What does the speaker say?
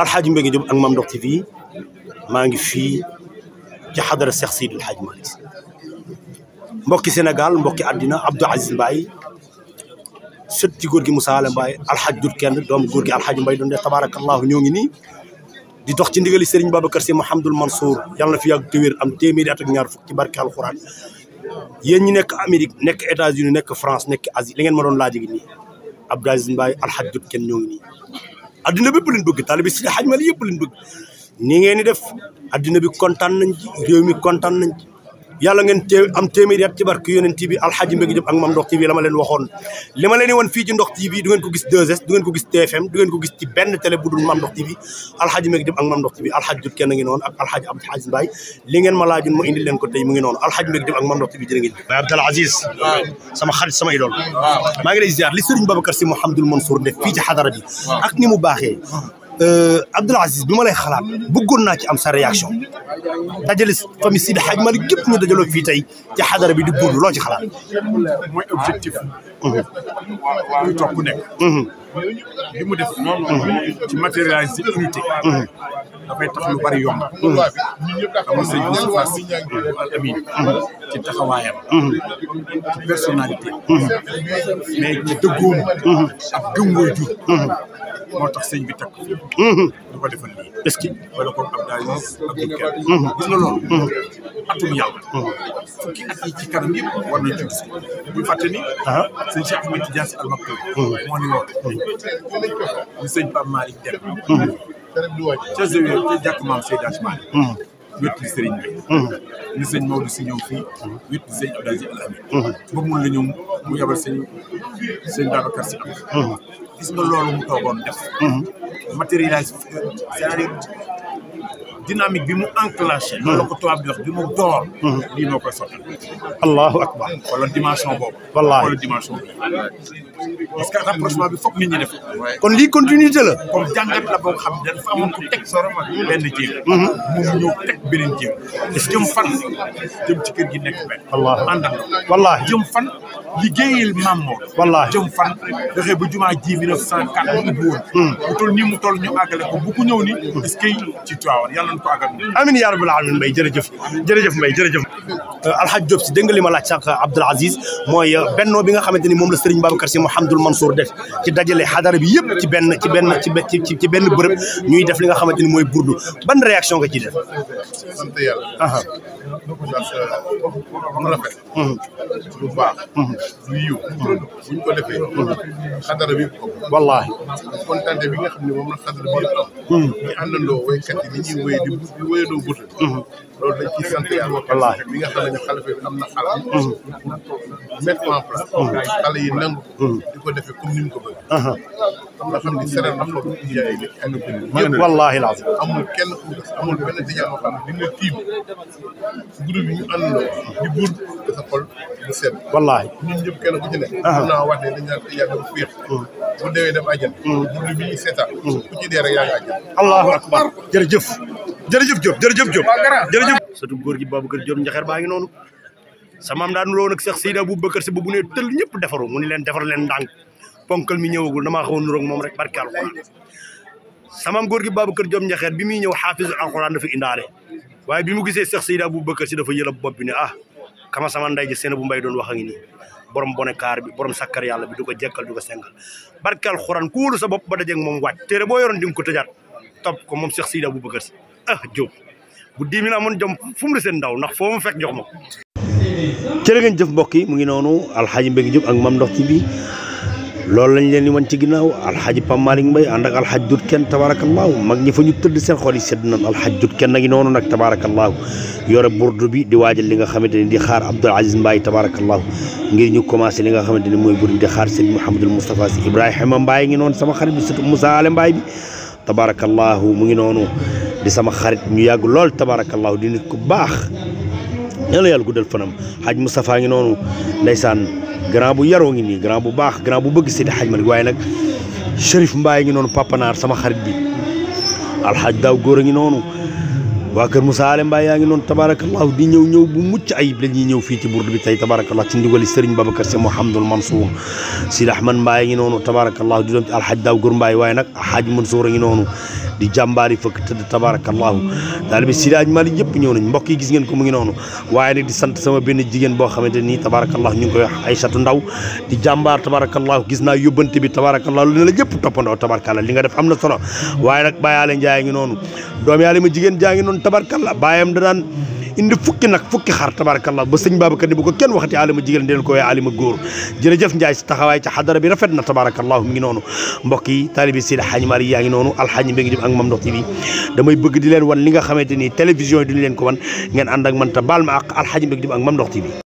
alxaaji Mbéngue Diop ak Mame Ndokh TV maa ngi fii ci xadara Cheikh Seydil Hadji Malick senegal Sénégal mbokki àddina Abdou Aziz Mbaye sët ci góor gi Moussa Alla Mbaye alxaaj dut kenn doomu góor gi alxaaji Mbaye doon de tabaarakallaahu ñoo ngi nii di dox ci ndigali Serigne Babacar Sy Mouhamadoul Mansour yàlla na fi yàgg te wér am téeméeri at ak ñaar fuk ci barke alxuraan yéen ñi nekk Amérique nekk États-Unis nekk France nekk Asie li ngeen ma doon laaj gi nii Abdou Aziz Mbaye alxaaj dut kenn nii adduna bépp leen bëgg taalibe Seydi Hadji Malick yëpp leen bëgg ni ngeen di def adduna bi kontaan nañ ci réew mi kontaan nañ yàlla ngeen tee am téeméeri at ci barke yonent bi alxaaji Mbéngue Diop ak Mame Ndokh TV la leen waxoon li ma leen di woon fii ci Ndokh TV du ngeen ko gis 2S du ngeen ko gis TFM du ngeen ko gis ci benn télé bu dul Mame Ndokh alxaaji Mbéngue Diop ak Mame Ndokh TV alxaaji kenn ngi noonu ak alxaaji Abdou Aziz Mbaye li ngeen leen ko tey mu ngi noon alxaaji Mbéngue Diop ak Mame Ndokh TV jërë ngeen Baye Abdou Aziz sama xarit sama idol maa ngi lay ziar li Serigne Babacar Sy Mouhamadoul Mansour def fii ci xadara bi ak mu baaxee Euh, Abdoul Aziz bi ma lay xalaat bëggoon naa ci am sa réaction dajale famille Sidi Hadj Malick gépp ñu dajaloo fii tey ci xadara bi di buur loo ci xalaat. mooy objectif. muy mhm. topp ku nekk. Mhm. li mu def noonu. Mhm. ci matérialiser unité. dafay tax lu bari yomb. dama sëñ Moustapha Sy Al Amine ci taxawaayam. Mm. ci personnalité. Mm. mais ci dëggoom. Mm. ak gëm mooy moo tax sëñ bi takk. du ko defal lii. est-ce que wala kon ab daal gis ak gis nga loolu. atum yàlla. fukki at yi ci kanam yëpp ca Zewir ca jàkk maam Seydi Hadji Malick hmm. wéttu sëriñ bi hmm. ni sëñ Maodo si ñëw fii wéttu sëñ Abdoulaye Al Amin hmm. boobu mun la ñëw mu yabal sëñ sëñ Babacar si am gis nga loolu mu toogoon def matérialisé cest à dynamique bi mu enclenché. loolu la ko tubaab di wax bi mu door. lii moo koy sottal. allahu akbar. wala dimension boobu. wallaahi wala dimension boobu. parce que rapprochement bi foog nit def kon lii continuité la. comme jàngat la boo xam ne dafa amoon ku teg benn jéeg. Mhm. moom ñëw teg beneen jéeg. jëm fan jëm ci kër gi nekk benn. wallaahi àndal wallaahi jëm fan. liggéeyil maam moo. wallaahi jëm fan. doxee ba jumaa ji 1904 mu bu toll nii mu toll ñu àggale ko bu ku ni est que ci Tiwaawan yàlla amiin yaa rabbal aalamiin Mbaye jërëjëf jërëjëf Mbaye jërëjëf euh, alxaj Diop si dégg nga li ma laaj sànq Abdoul Aziz mooy euh, benn bi nga xamante ni moom la Serigne Babacar Sy Mouhamadoul Mansour def ci dajale xadara bi yëpp ci benn ci benn ci ci benn bërëb ñuy def li nga xamante ni mooy burdu ban réaction nga ciy def sant yàlla aa lu rafet lu ko defee xadara bi wallaahi bi nga xam ne moom di di wéyandoo guddi. Mhm. loolu dañ ciy sant yàlla. wallaahi li nga xam ne xalifa bi am na mhm. mhm. xalaat. yi nangu. ko defee comme ni ko bëgg. na xam ne sereen am na lu ñu jaayee lépp ànd ak ñëpp wallaahi laas amul kenn ku amul benn tijaan boo xam ne dina tiim groupe yi ñu àndandoo di buur da sa xol di seet. wallaahi ñun ñëpp kenn ku ci nekk. am naa wax ne dañ naan tijaan dafa féex. bu deewee dem àjjana. groupe allahu akbar jërëjëf. jërëjëf Diop jërëjëf Diop jërëjëf. surtout góor gi Babacar Diop njaxeer baa ngi noonu samaam daan loon ak Cheikh Seydou Aboubacar si ba bu ne tëll ñëpp defaru mu leen defar leen ndànk ponkal mi ñëwagul damaa xaw a nuróog moom rek barke alxuraan samaam góor gi Babacar Diop njaxeer bi muy ñëw xaafisu alxuraan dafa indaale waaye bi mu gisee Cheikh Seydou Aboubacar si dafa yëlab bopp bi ne ah kama sama nday ji seen bu mbay doon wax a ngi nii borom bonekaar bi borom sakkar yàlla bi du ko jekkal ko sengal barke alxuraan ku wóolu sa bopp ba dajeeg moom wàcc tere boo yoroon di nga ko tëjaat topp ko moom bu Seydou Aboubacar si ah Diop bu dix mille amoon jom fu mu di seen ndaw ndax foo mu fekk jox ma cërë ngeen jëf mbokk yi mu ngi noonu alxaaji Mbengue Diop ak Mame Ndokh TV loolu lañ leen di wan ci ginnaaw alxaaji Pape Malick Mbaye ànd ak alxaaj dut kenn tabaarakallaahu mag ñi fa ñu tëdd seen xol yi sedd na alxaaj dut kenn a ngi noonu nag tabaarakallaahu yore burdu bi di waajal li nga xamante ne di xaar Abdoul Aziz Mbaye tabaarakallaahu ngir ñu commencé li nga xamante ne mooy burdu di xaar sëñ Mouhamadul Moustapha si Ibrahima Mbaye ngi noonu sama xarit bi sëtu Moussa Ale Mbaye bi tabaarakallaahu mu ngi noonu di sama xarit ñu yàgg lool tabaarakallaahu di nit ku baax yàlla yàlla guddal fanam xaj Moustapha ngi noonu ndeysaan grand bu yaroo ngi nii grand bu baax grand bu bëgg Seydi Xaj Malick waaye nag Chérif Mbaye ngi noonu papanaar sama xarit bi alxaj daaw góor a ngi noonu waa Kër Moussa Allé Mbaye yaa ngi noonu tabarakallahu di ñëw ñëw bu mucc ayib la ñuy ñëw fii ci Burdu bi tey tabarakallah ci ndigali Serigne Babacar Sy Mouhamadul Mansour Sidi Ahmad Mbaye ngi noonu tabarakallahu di doom ci alxaj daaw a ngi noonu di jàmbaari fëkk tëdd tabarakallahu daal bi Sidi Aj Mali yëpp ko mu ngi noonu di sant sama benn jigéen boo xamante tabarakallahu gis naa yóbbante bi tabarakallahu lu ne la yëpp toppandoo tabarakallah li nga def am na solo waaye nag Baye Allé ngi noonu doom Yàlla ma jigéen jaa noonu tabarkalla baayam danaan indi fukki nag fukki xar tabarkalla ba sëñ Babacar ni bu ko kenn waxati alima jigéen deen ko waaye alima góor jërëjëf Njaay si taxawaay ci xadara bi rafet na tabarkallahu mi ngi noonu mbokk yi taalibi Seydi Hadji Malick yaa ngi noonu alxaaji bi ngi jëm ak Mame Ndokh damay bëgg di leen wan li nga xamante ni télévision yi duñu leen ko wan ngeen ànd ak man ta baal ma ak alxaaji bi ngi jëm ak Mame Ndokh